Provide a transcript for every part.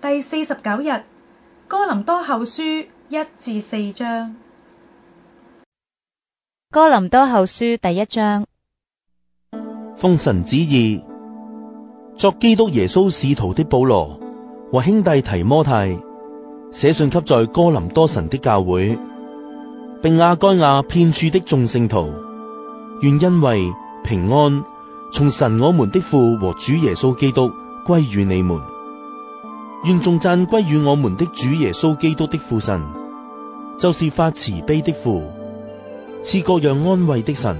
第四十九日，哥林多後書一至四章。哥林多後書第一章。奉神旨意，作基督耶穌使徒的保羅和兄弟提摩太，寫信給在哥林多神的教會，並亞該亞遍處的眾聖徒，願因為平安，從神我們的父和主耶穌基督歸於你們。願頌讚歸於我們的主耶穌基督的父神，就是發慈悲的父，賜各樣安慰的神。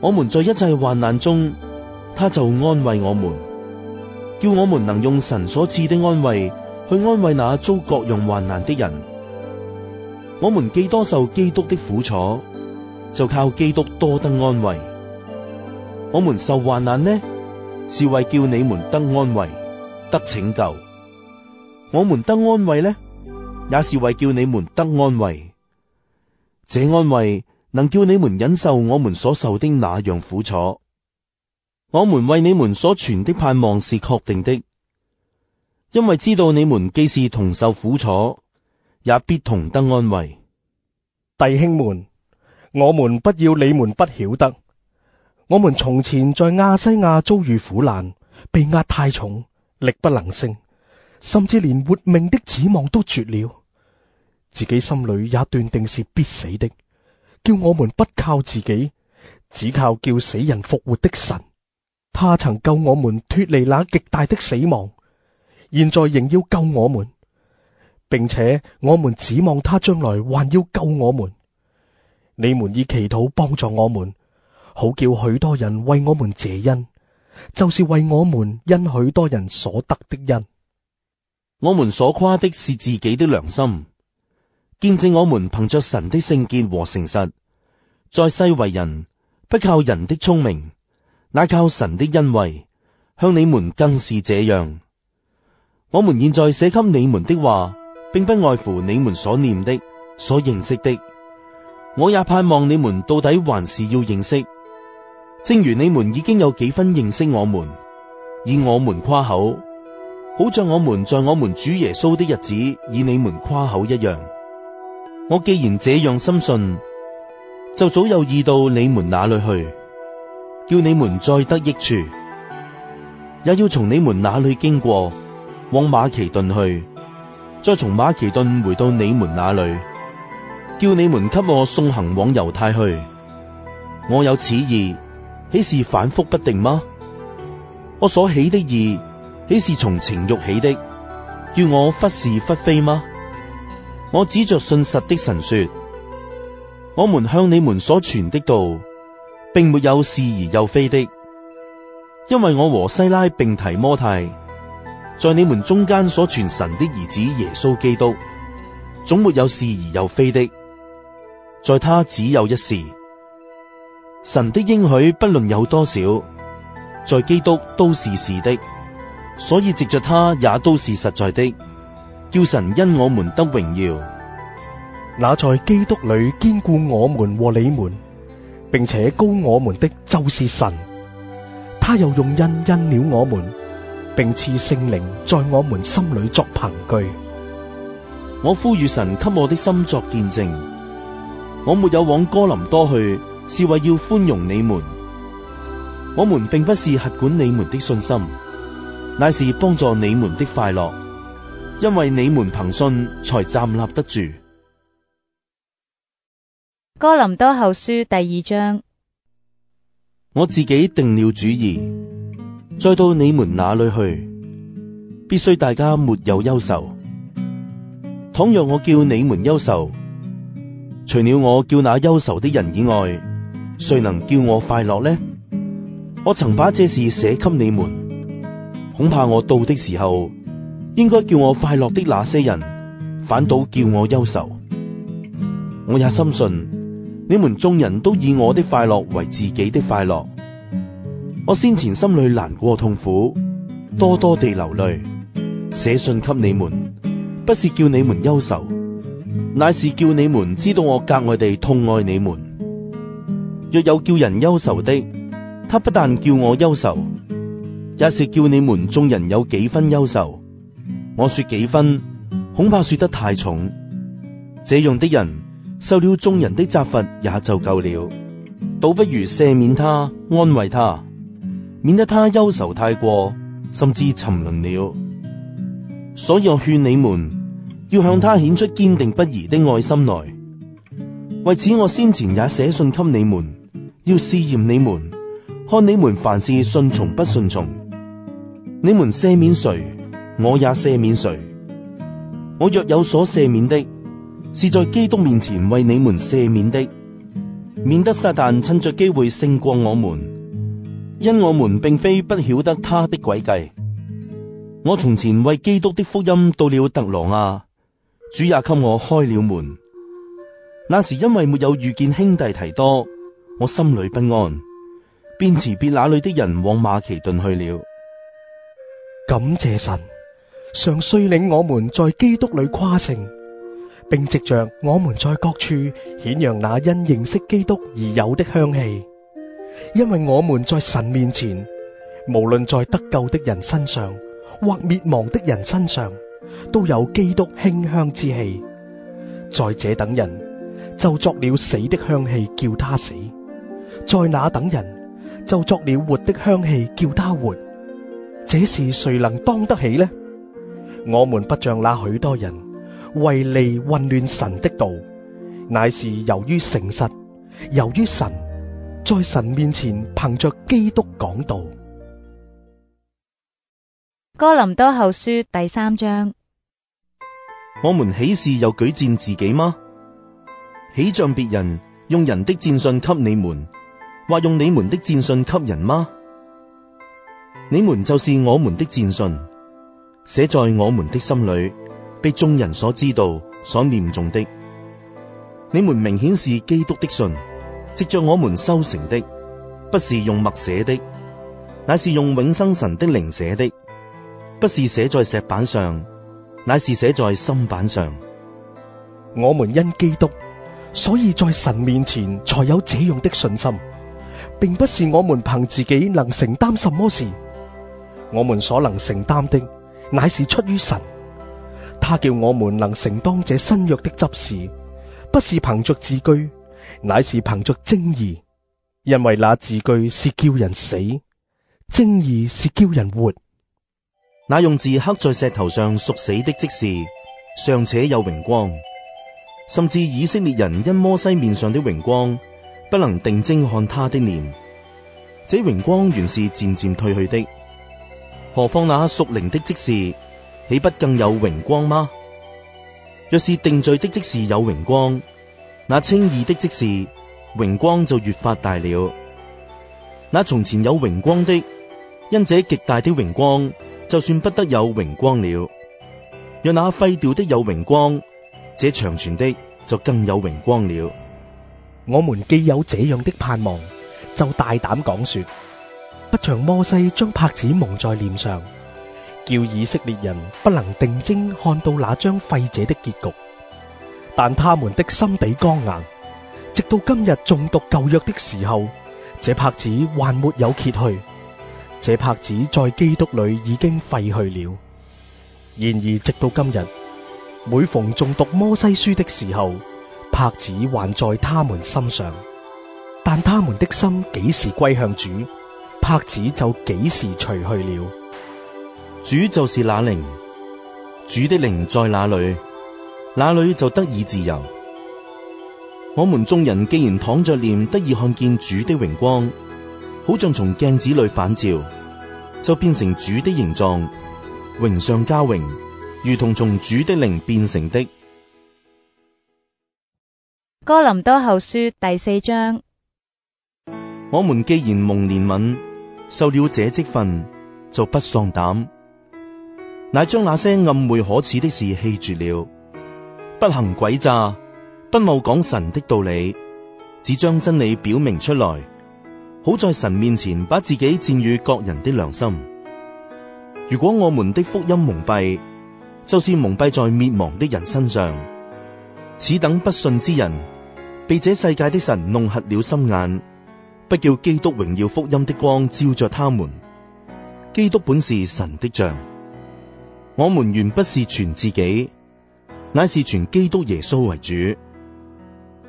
我們在一切患難中，他就安慰我們，叫我們能用神所賜的安慰去安慰那遭各樣患難的人。我們既多受基督的苦楚，就靠基督多得安慰。我們受患難呢，是為叫你們得安慰。得拯救，我們得安慰呢，也是為叫你們得安慰。這安慰能叫你們忍受我們所受的那樣苦楚。我們為你們所存的盼望是確定的，因為知道你們既是同受苦楚，也必同得安慰。弟兄們，我們不要你們不曉得，我們從前在亞西亞遭遇苦難，被壓太重。力不能勝，甚至連活命的指望都絕了。自己心裏也斷定是必死的。叫我們不靠自己，只靠叫死人復活的神。他曾救我們脫離那極大的死亡，現在仍要救我們，並且我們指望他將來還要救我們。你們以祈禱幫助我們，好叫許多人為我們謝恩。就是為我們因許多人所得的恩。我們所誇的是自己的良心，見證我們憑着神的聖潔和誠實，在世為人不靠人的聰明，乃靠神的恩惠。向你們更是這樣。我們現在寫給你們的話，並不外乎你們所念的、所認識的。我也盼望你們到底還是要認識。正如你們已經有幾分認識我們，以我們誇口，好像我們在我們主耶穌的日子以你們誇口一樣。我既然這樣深信，就早有意到你們那裏去，叫你們再得益處；也要從你們那裏經過，往馬其頓去，再從馬其頓回到你們那裏，叫你們給我送行往猶太去。我有此意。豈是反覆不定嗎？我所起的意，豈是從情欲起的？叫我忽是忽非嗎？我指着信實的神說：我們向你們所傳的道，並沒有是而又非的，因為我和西拉並提摩太，在你們中間所傳神的兒子耶穌基督，總沒有是而又非的，在他只有一是。神的應許不論有多少，在基督都是是的，所以藉着他也都是實在的。叫神因我們得榮耀，那在基督裏堅固我們和你們，並且膏我們的就是神。他又用印印了我們，並賜聖靈在我們心裏作憑據。我呼籲神給我的心作見證，我沒有往哥林多去。是為要寬容你們，我們並不是轄管你們的信心，乃是幫助你們的快樂，因為你們憑信才站立得住。哥林多後書第二章，我自己定了主意，再到你們那裏去，必須大家沒有憂愁。倘若我叫你們憂愁，除了我叫那憂愁的人以外。誰能叫我快樂呢？我曾把這事寫給你們，恐怕我到的時候，應該叫我快樂的那些人，反倒叫我憂愁。我也深信你們眾人都以我的快樂為自己的快樂。我先前心裏難過痛苦，多多地流淚，寫信給你們，不是叫你們憂愁，乃是叫你們知道我格外地痛愛你們。若有叫人憂愁的，他不但叫我憂愁，也是叫你們眾人有幾分憂愁。我說幾分，恐怕說得太重。這樣的人受了眾人的責罰也就夠了，倒不如赦免他，安慰他，免得他憂愁太過，甚至沉淪了。所以我勸你們要向他顯出堅定不移的愛心來。為此，我先前也寫信給你們。要試驗你們，看你們凡事順從不順從。你們赦免誰，我也赦免誰。我若有所赦免的，是在基督面前為你們赦免的，免得撒旦趁著機會勝過我們，因我們並非不曉得他的詭計。我從前為基督的福音到了特羅亞，主也給我開了門。那時因為沒有遇見兄弟提多。我心裏不安，便辭別那裏的人往馬其頓去了。感謝神，常率領我們在基督裏誇勝，並藉着我們在各處顯揚那因認識基督而有的香氣，因為我們在神面前，無論在得救的人身上或滅亡的人身上，都有基督馨香之氣。在這等人就作了死的香氣，叫他死。在那等人就作了活的香氣，叫他活。這事誰能當得起呢？我們不像那許多人為利混亂神的道，乃是由於誠實，由於神在神面前憑着基督講道。哥林多後書第三章，我們豈是又舉薦自己嗎？豈像別人用人的薦信給你們？或用你們的薦信給人嗎？你們就是我們的薦信，寫在我們的心裏，被眾人所知道、所念誦的。你們明顯是基督的信，藉着我們修成的，不是用墨寫的，乃是用永生神的靈寫的,不是寫在石板上，乃是寫在心板上。我們因基督，所以在神面前才有這樣的信心。並不是我們憑自己能承擔什麼事，我們所能承擔的乃是出於神，他叫我們能承當這新約的執事，不是憑着字句，乃是憑着正義，因為那字句是叫人死，正義是叫人活。那用字刻在石頭上屬死的職事尚且有榮光，甚至以色列人因摩西面上的榮光。不能定睛看他的臉，這榮光原是漸漸退去的。何況那屬靈的職事，豈不更有榮光嗎？若是定罪的職事有榮光，那稱義的職事榮光就越發大了。那從前有榮光的，因這極大的榮光，就算不得有榮光了。若那廢掉的有榮光，這長存的就更有榮光了。我們既有這樣的盼望，就大膽講說。不像摩西將帕子蒙在臉上，叫以色列人不能定睛看到那將廢者的結局。但他們的心地剛硬，直到今日誦讀舊約的時候，這帕子還沒有揭去。這帕子在基督裏已經廢去了。然而直到今日，每逢誦讀摩西書的時候，帕子還在他們心上，但他們的心幾時歸向主，帕子就幾時除去了。主就是那靈，主的靈在哪裏，那裏就得以自由。我們眾人既然敞着臉，得以看見主的榮光，好像從鏡子裏反照，就變成主的形狀，榮上加榮，如同從主的靈變成的。哥林多後書第四章，我們既然蒙憐憫，受了這職分，就不喪膽，乃將那些暗昧可恥的事棄絕了，不行詭詐，不冒講神的道理，只將真理表明出來，好在神面前把自己薦與各人的良心。如果我們的福音蒙蔽，就是蒙蔽在滅亡的人身上，此等不信之人。被這世界的神弄瞎了心眼，不叫基督榮耀福音的光照着他們。基督本是神的像，我們原不是傳自己，乃是傳基督耶穌為主，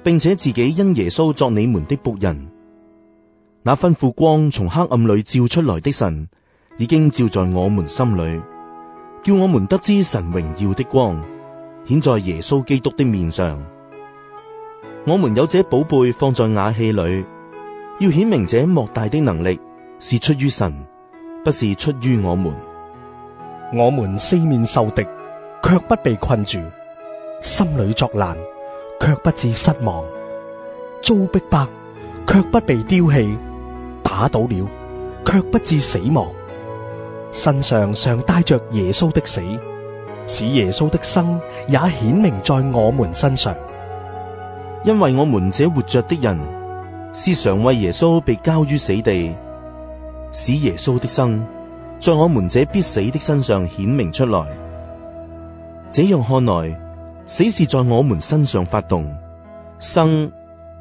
並且自己因耶穌作你們的僕人。那吩咐光從黑暗裏照出來的神，已經照在我們心裏，叫我們得知神榮耀的光顯在耶穌基督的面上。我們有這寶貝放在瓦器裏，要顯明這莫大的能力是出於神，不是出於我們。我們四面受敵，卻不被困住；心裏作難，卻不至失望；遭逼迫，卻不被丟棄；打倒了，卻不至死亡。身上常帶着耶穌的死，使耶穌的生也顯明在我們身上。因為我們這活着的人，是常為耶穌被交於死地，使耶穌的生，在我們這必死的身上顯明出來。這樣看來，死是在我們身上發動，生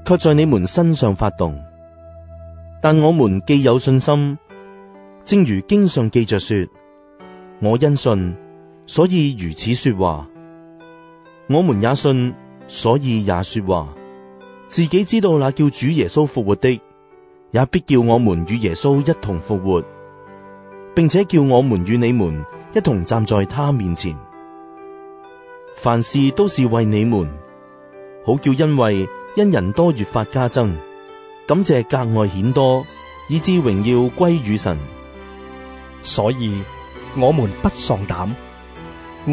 卻在你們身上發動。但我們既有信心，正如經上記着說：我因信，所以如此說話。我們也信。所以也說話，自己知道那叫主耶穌復活的，也必叫我們與耶穌一同復活，並且叫我們與你們一同站在他面前。凡事都是為你們，好叫因為因人多越發加增，感謝格外顯多，以致榮耀歸與神。所以我們不喪膽，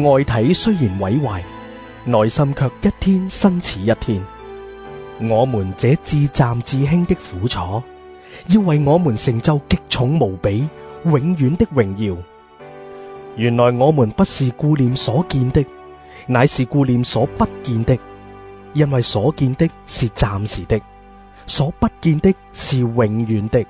外體雖然毀壞。內心卻一天新似一天，我們這至暫至輕的苦楚，要為我們成就極重無比、永遠的榮耀。原來我們不是顧念所見的，乃是顧念所不見的，因為所見的是暫時的，所不見的是永遠的。